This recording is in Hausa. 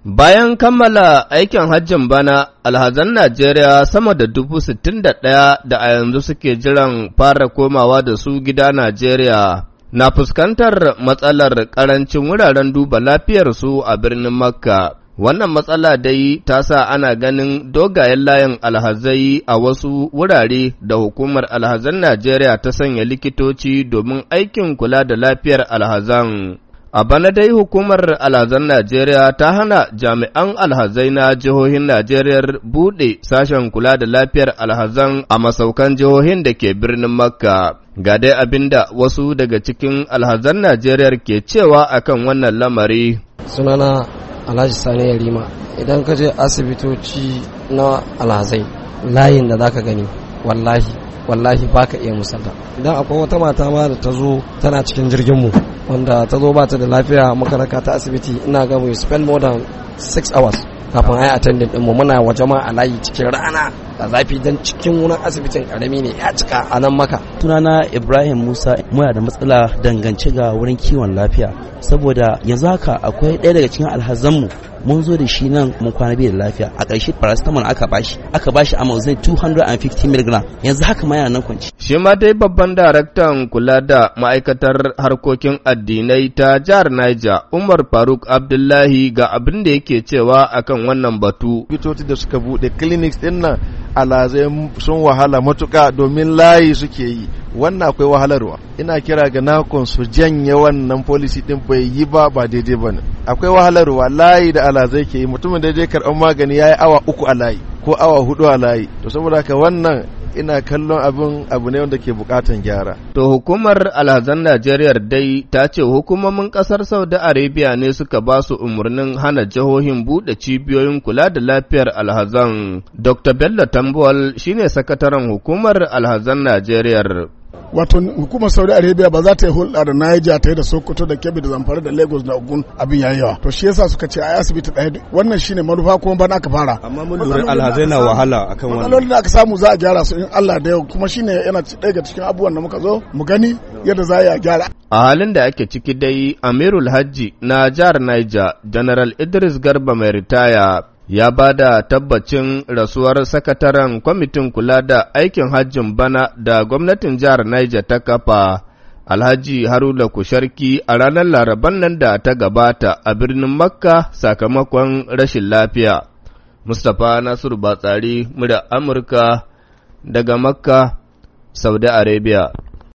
Bayan kammala aikin hajjin bana, alhazan Najeriya sama da dubu sittin da ɗaya da a yanzu suke jiran fara komawa da su gida Najeriya na fuskantar matsalar ƙarancin wuraren duba lafiyarsu a birnin Makka. Wannan matsala dai ta sa ana ganin dogayen layin alhazai a wasu wurare da hukumar alhazan Najeriya ta sanya likitoci domin aikin kula da lafiyar alhazan. A bana dai hukumar alhazan Najeriya ta hana jami'an alhazai na jihohin Najeriya buɗe sashen kula da lafiyar alhazan a masaukan jihohin da ke birnin Makka. Ga dai abinda wasu daga cikin alhazan Najeriya ke cewa akan wannan lamari. Sunana Alhaji Sani Yarima, idan ka je asibitoci na alhazai, layin da za ka gani, wallahi wallahi ba ka iya musanta idan akwai wata mata ma da ta zo tana cikin jirgin mu wanda ta zo ba ta da lafiya muka ta asibiti ina ga we spend more than 6 hours kafin ai attending din mu muna wajama a layi cikin rana da zafi don cikin wurin asibitin karami ne ya cika a nan maka tunana ibrahim musa muna da matsala dangance ga wurin kiwon lafiya saboda yanzu haka akwai ɗaya daga cikin alhazanmu mun zo da shi nan mun kwana biyu da lafiya a ƙarshe paracetamol aka bashi aka bashi mazai 250 mg yanzu haka ma yana nan kwanci shi ma dai babban daraktan kula da ma'aikatar harkokin addinai ta jihar Niger Umar Faruk Abdullahi ga abin da yake cewa akan wannan batu bitoci da suka buɗe clinics din nan alazai sun wahala matuka domin layi suke yi wannan akwai wahalarwa ina kira ga nakon su janye wannan policy din bai yi ba ba daidai ba ne akwai wahalarwa layi da alazai ke yi mutumin daidai karɓar magani ya yi awa uku a layi ko awa hudu a layi to saboda ka wannan ina kallon abin abu ne wanda ke bukatan gyara. To hukumar alhazan Najeriya dai ta ce hukumomin kasar Saudi Arabia ne suka ba su umarnin hana jihohin buɗe cibiyoyin kula da lafiyar alhazan. Dr. Bello Tambol shine sakataren hukumar alhazan Najeriya. wato hukumar saudi arabia ba za ta yi hulɗa da naija ta yi da sokoto da kebbi da zamfara da lagos da ogun abin yi yawa to shi yasa suka ce a asibiti ɗaya wannan shine manufa kuma bana aka fara amma mun lura alhazai na wahala akan wannan matsalolin da aka samu za a gyara su in allah da yau kuma shine yana ɗaya ga cikin abubuwan da muka zo mu gani yadda za a gyara a halin da ake ciki dai amirul hajji na jihar niger general idris garba mai ritaya ya ba da tabbacin rasuwar sakataren kwamitin kula da aikin hajjin bana da gwamnatin jihar Niger ta kafa Alhaji Haruna Kusharki a ranar Laraban nan da ta gabata a birnin Makka sakamakon rashin lafiya. Mustapha Nasiru Batsari, murya Amurka daga Makka, Saudi Arabia.